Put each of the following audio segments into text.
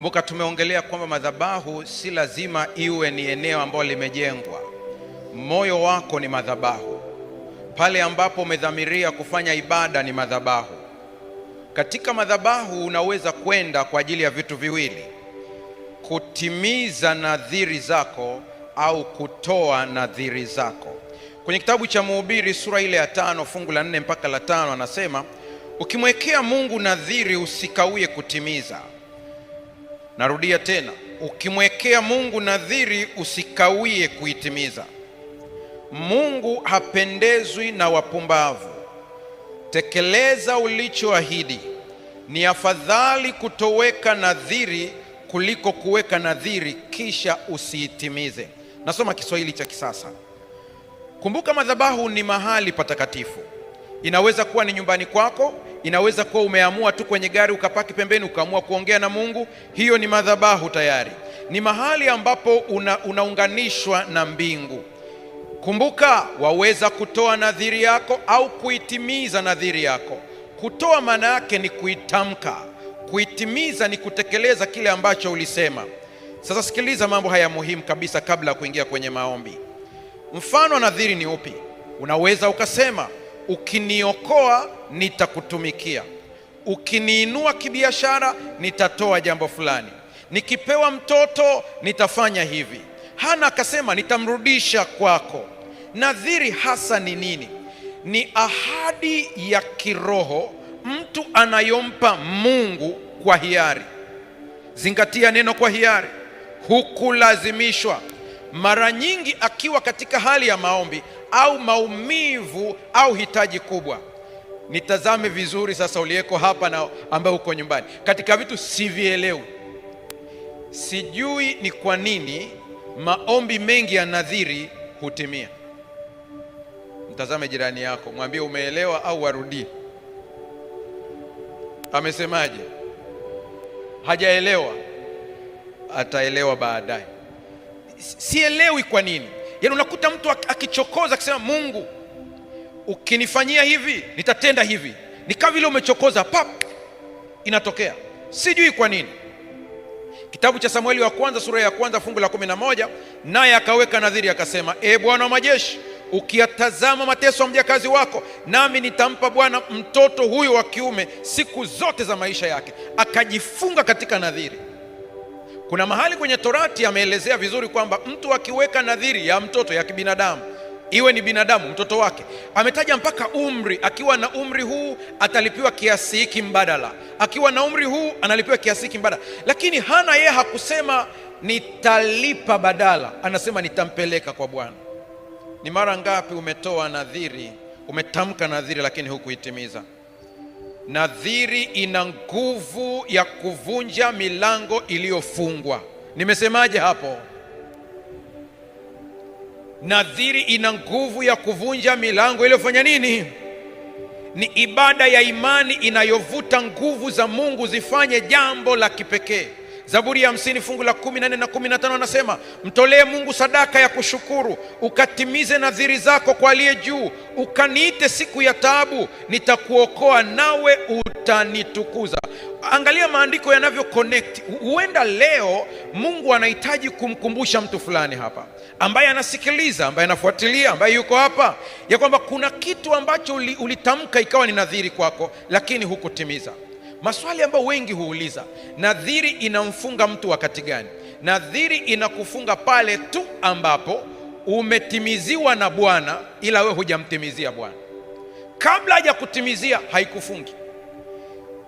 Kumbuka tumeongelea kwamba madhabahu si lazima iwe ni eneo ambalo limejengwa. Moyo wako ni madhabahu, pale ambapo umedhamiria kufanya ibada ni madhabahu. Katika madhabahu unaweza kwenda kwa ajili ya vitu viwili, kutimiza nadhiri zako au kutoa nadhiri zako. Kwenye kitabu cha Mhubiri sura ile ya tano fungu la nne mpaka la tano anasema ukimwekea Mungu nadhiri usikawie kutimiza Narudia tena, ukimwekea Mungu nadhiri usikawie kuitimiza. Mungu hapendezwi na wapumbavu. Tekeleza ulichoahidi. Ni afadhali kutoweka nadhiri kuliko kuweka nadhiri kisha usiitimize. Nasoma Kiswahili cha kisasa. Kumbuka, madhabahu ni mahali patakatifu. Inaweza kuwa ni nyumbani kwako, inaweza kuwa umeamua tu kwenye gari ukapaki pembeni ukaamua kuongea na Mungu. Hiyo ni madhabahu tayari, ni mahali ambapo una, unaunganishwa na mbingu. Kumbuka, waweza kutoa nadhiri yako au kuitimiza nadhiri yako. Kutoa maana yake ni kuitamka, kuitimiza ni kutekeleza kile ambacho ulisema. Sasa sikiliza mambo haya muhimu kabisa kabla ya kuingia kwenye maombi. Mfano nadhiri ni upi? Unaweza ukasema ukiniokoa nitakutumikia, ukiniinua kibiashara nitatoa jambo fulani, nikipewa mtoto nitafanya hivi. Hana akasema nitamrudisha kwako. Nadhiri hasa ni nini? Ni ahadi ya kiroho mtu anayompa Mungu kwa hiari. Zingatia neno kwa hiari, hukulazimishwa. Mara nyingi akiwa katika hali ya maombi au maumivu au hitaji kubwa. Nitazame vizuri sasa, uliyeko hapa na ambaye uko nyumbani, katika vitu sivielewi, sijui ni kwa nini maombi mengi ya nadhiri hutimia. Mtazame jirani yako, mwambie umeelewa au warudie. Amesemaje? Hajaelewa, ataelewa baadaye. Sielewi kwa nini Yaani unakuta mtu akichokoza akisema, Mungu ukinifanyia hivi nitatenda hivi, ni kama vile umechokoza, pap inatokea, sijui kwa nini. Kitabu cha Samueli wa kwanza sura ya kwanza fungu la kumi na moja naye akaweka nadhiri akasema, e Bwana wa majeshi, ukiyatazama mateso ya mjakazi wako, nami nitampa Bwana mtoto huyu wa kiume siku zote za maisha yake. Akajifunga katika nadhiri. Kuna mahali kwenye Torati ameelezea vizuri kwamba mtu akiweka nadhiri ya mtoto ya kibinadamu, iwe ni binadamu mtoto wake, ametaja mpaka umri. Akiwa na umri huu atalipiwa kiasi hiki mbadala, akiwa na umri huu analipiwa kiasi hiki mbadala. Lakini Hana yeye hakusema nitalipa badala, anasema nitampeleka kwa Bwana. Ni mara ngapi umetoa nadhiri, umetamka nadhiri, lakini hukuitimiza? Nadhiri ina nguvu ya kuvunja milango iliyofungwa. Nimesemaje hapo? Nadhiri ina nguvu ya kuvunja milango iliyofanya nini? Ni ibada ya imani inayovuta nguvu za Mungu zifanye jambo la kipekee. Zaburi ya hamsini fungu la kumi na nne na kumi na tano anasema mtolee Mungu sadaka ya kushukuru, ukatimize nadhiri zako kwa aliye juu. Ukaniite siku ya taabu, nitakuokoa nawe utanitukuza. Angalia maandiko yanavyo connect. Huenda leo Mungu anahitaji kumkumbusha mtu fulani hapa, ambaye anasikiliza, ambaye anafuatilia, ambaye yuko hapa, ya kwamba kuna kitu ambacho ulitamka ikawa ni nadhiri kwako, lakini hukutimiza. Maswali ambayo wengi huuliza, nadhiri inamfunga mtu wakati gani? Nadhiri inakufunga pale tu ambapo umetimiziwa na Bwana ila wewe hujamtimizia Bwana. Kabla kutimizia haikufungi.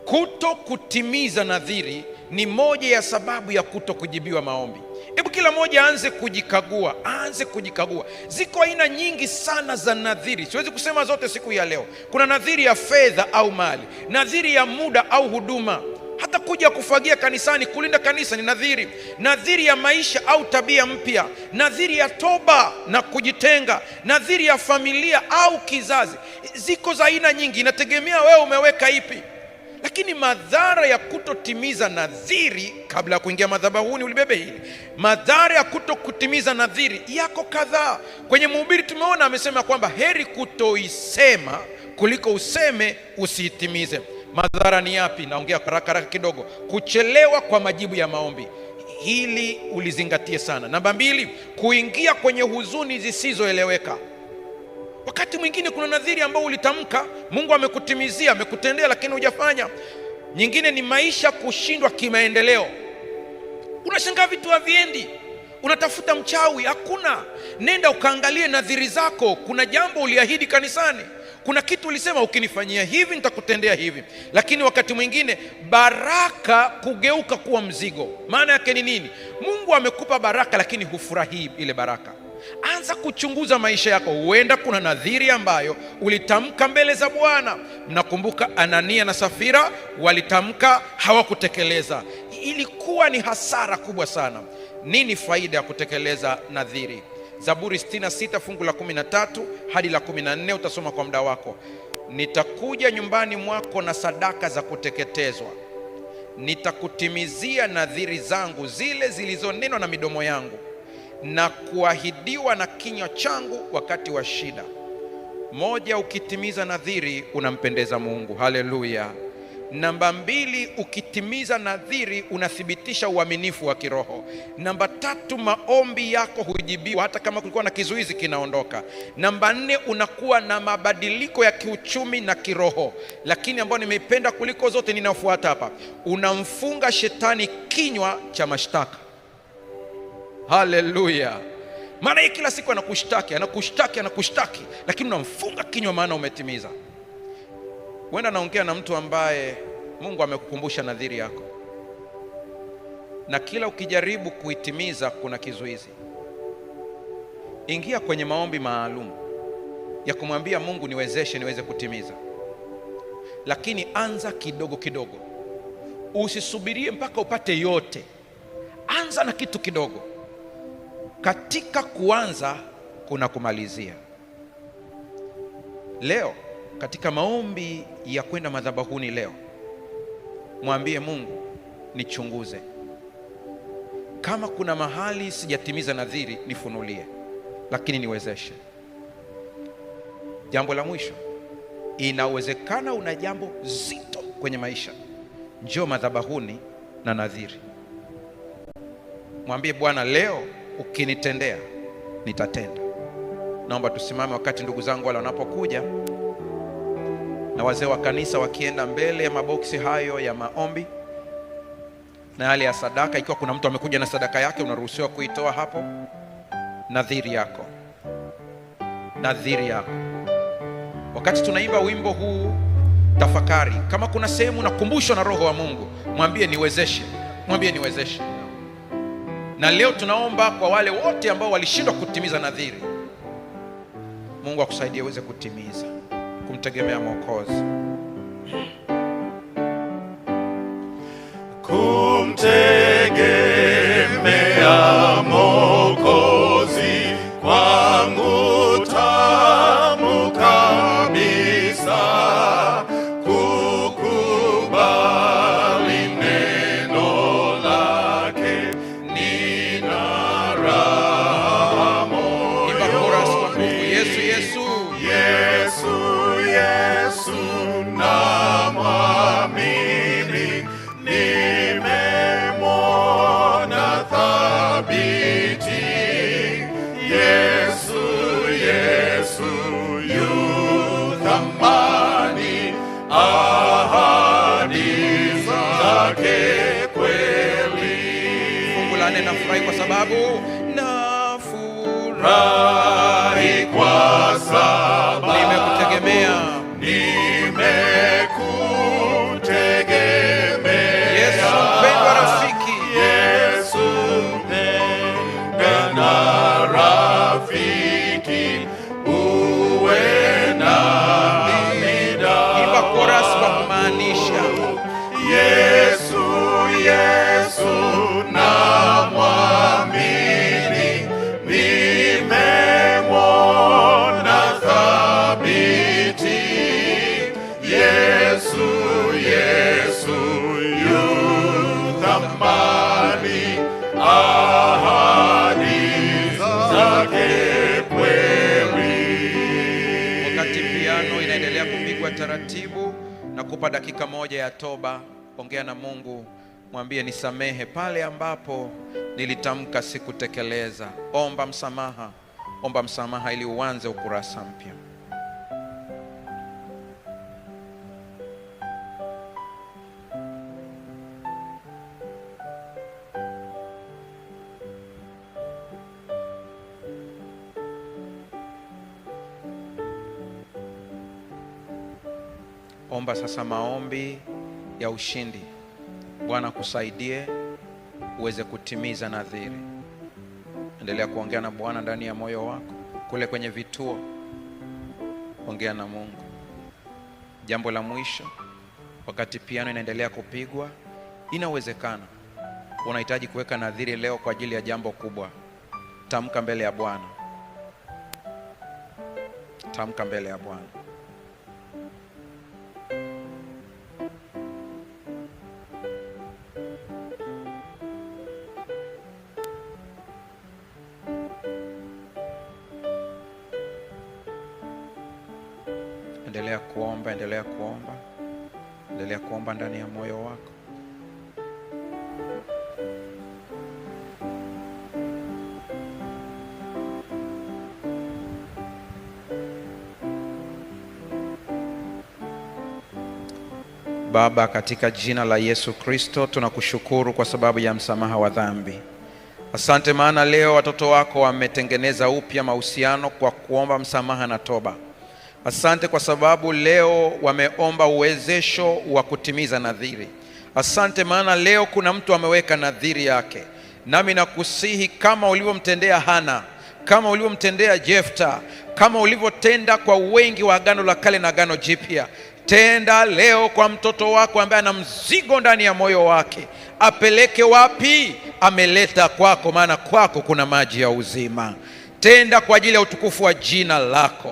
Kuto kutimiza nadhiri ni moja ya sababu ya kuto kujibiwa maombi. Hebu kila mmoja aanze kujikagua, aanze kujikagua. Ziko aina nyingi sana za nadhiri, siwezi kusema zote siku ya leo. Kuna nadhiri ya fedha au mali, nadhiri ya muda au huduma hata kuja kufagia kanisani, kulinda kanisa ni nadhiri. Nadhiri ya maisha au tabia mpya, nadhiri ya toba na kujitenga, nadhiri ya familia au kizazi. Ziko za aina nyingi, inategemea wewe umeweka ipi. Lakini madhara ya kutotimiza nadhiri kabla ya kuingia madhabahuni, ulibebe hili. Madhara ya kutokutimiza nadhiri yako kadhaa. Kwenye Mhubiri tumeona amesema kwamba heri kutoisema kuliko useme usiitimize. Madhara ni yapi? Naongea karakaraka kidogo. Kuchelewa kwa majibu ya maombi, hili ulizingatie sana. Namba mbili, kuingia kwenye huzuni zisizoeleweka. Wakati mwingine kuna nadhiri ambao ulitamka, Mungu amekutimizia, amekutendea, lakini hujafanya. Nyingine ni maisha kushindwa kimaendeleo. Unashangaa vitu haviendi, unatafuta mchawi, hakuna. Nenda ukaangalie nadhiri zako. Kuna jambo uliahidi kanisani, kuna kitu ulisema, ukinifanyia hivi nitakutendea hivi. Lakini wakati mwingine baraka kugeuka kuwa mzigo. Maana yake ni nini? Mungu amekupa baraka, lakini hufurahii ile baraka. Anza kuchunguza maisha yako. Huenda kuna nadhiri ambayo ulitamka mbele za Bwana. Mnakumbuka Anania na Safira walitamka, hawakutekeleza. Ilikuwa ni hasara kubwa sana. Nini faida ya kutekeleza nadhiri? Zaburi 66 fungu la 13 hadi la 14, utasoma kwa muda wako. Nitakuja nyumbani mwako na sadaka za kuteketezwa, nitakutimizia nadhiri zangu zile zilizonenwa na midomo yangu na kuahidiwa na kinywa changu wakati wa shida. Moja, ukitimiza nadhiri unampendeza Mungu. Haleluya. Namba mbili, ukitimiza nadhiri unathibitisha uaminifu wa kiroho. Namba tatu, maombi yako hujibiwa hata kama kulikuwa na kizuizi kinaondoka. Namba nne, unakuwa na mabadiliko ya kiuchumi na kiroho. Lakini ambayo nimeipenda kuliko zote ninayofuata hapa, unamfunga shetani kinywa cha mashtaka. Haleluya! Maana yeye kila siku anakushtaki anakushtaki anakushtaki, lakini unamfunga kinywa, maana umetimiza. Huenda naongea na mtu ambaye Mungu amekukumbusha nadhiri yako, na kila ukijaribu kuitimiza kuna kizuizi. Ingia kwenye maombi maalum ya kumwambia Mungu, niwezeshe niweze kutimiza, lakini anza kidogo kidogo, usisubirie mpaka upate yote. Anza na kitu kidogo. Katika kuanza kuna kumalizia. Leo katika maombi ya kwenda madhabahuni leo, mwambie Mungu, nichunguze kama kuna mahali sijatimiza nadhiri, nifunulie, lakini niwezeshe. Jambo la mwisho, inawezekana una jambo zito kwenye maisha, njoo madhabahuni na nadhiri, mwambie Bwana leo ukinitendea nitatenda. Naomba tusimame wakati ndugu zangu wale wanapokuja na wazee wa kanisa wakienda mbele ya maboksi hayo ya maombi na yale ya sadaka. Ikiwa kuna mtu amekuja na sadaka yake, unaruhusiwa kuitoa hapo. Nadhiri yako, nadhiri yako. Wakati tunaimba wimbo huu, tafakari kama kuna sehemu nakumbushwa na Roho wa Mungu, mwambie niwezeshe, mwambie niwezeshe. Na leo tunaomba kwa wale wote ambao walishindwa kutimiza nadhiri, Mungu akusaidie uweze kutimiza, kumtegemea Mwokozi, kumtegemea inaendelea kupigwa taratibu. na kupa dakika moja ya toba, ongea na Mungu, mwambie nisamehe pale ambapo nilitamka sikutekeleza. Omba msamaha, omba msamaha ili uanze ukurasa mpya. omba sasa maombi ya ushindi. Bwana kusaidie uweze kutimiza nadhiri. Endelea kuongea na Bwana ndani ya moyo wako, kule kwenye vituo, ongea na Mungu. Jambo la mwisho, wakati piano inaendelea kupigwa, inawezekana unahitaji kuweka nadhiri leo kwa ajili ya jambo kubwa. Tamka mbele ya Bwana, tamka mbele ya Bwana. Endelea kuomba, endelea kuomba, endelea kuomba ndani ya moyo wako. Baba, katika jina la Yesu Kristo tunakushukuru kwa sababu ya msamaha wa dhambi. Asante maana leo watoto wako wametengeneza upya mahusiano kwa kuomba msamaha na toba. Asante kwa sababu leo wameomba uwezesho wa kutimiza nadhiri. Asante maana leo kuna mtu ameweka nadhiri yake, nami nakusihi kama ulivyomtendea Hana, kama ulivyomtendea Jefta, kama ulivyotenda kwa wengi wa Agano la Kale na Agano Jipya, tenda leo kwa mtoto wako ambaye ana mzigo ndani ya moyo wake. Apeleke wapi? Ameleta kwako, maana kwako kuna maji ya uzima. Tenda kwa ajili ya utukufu wa jina lako.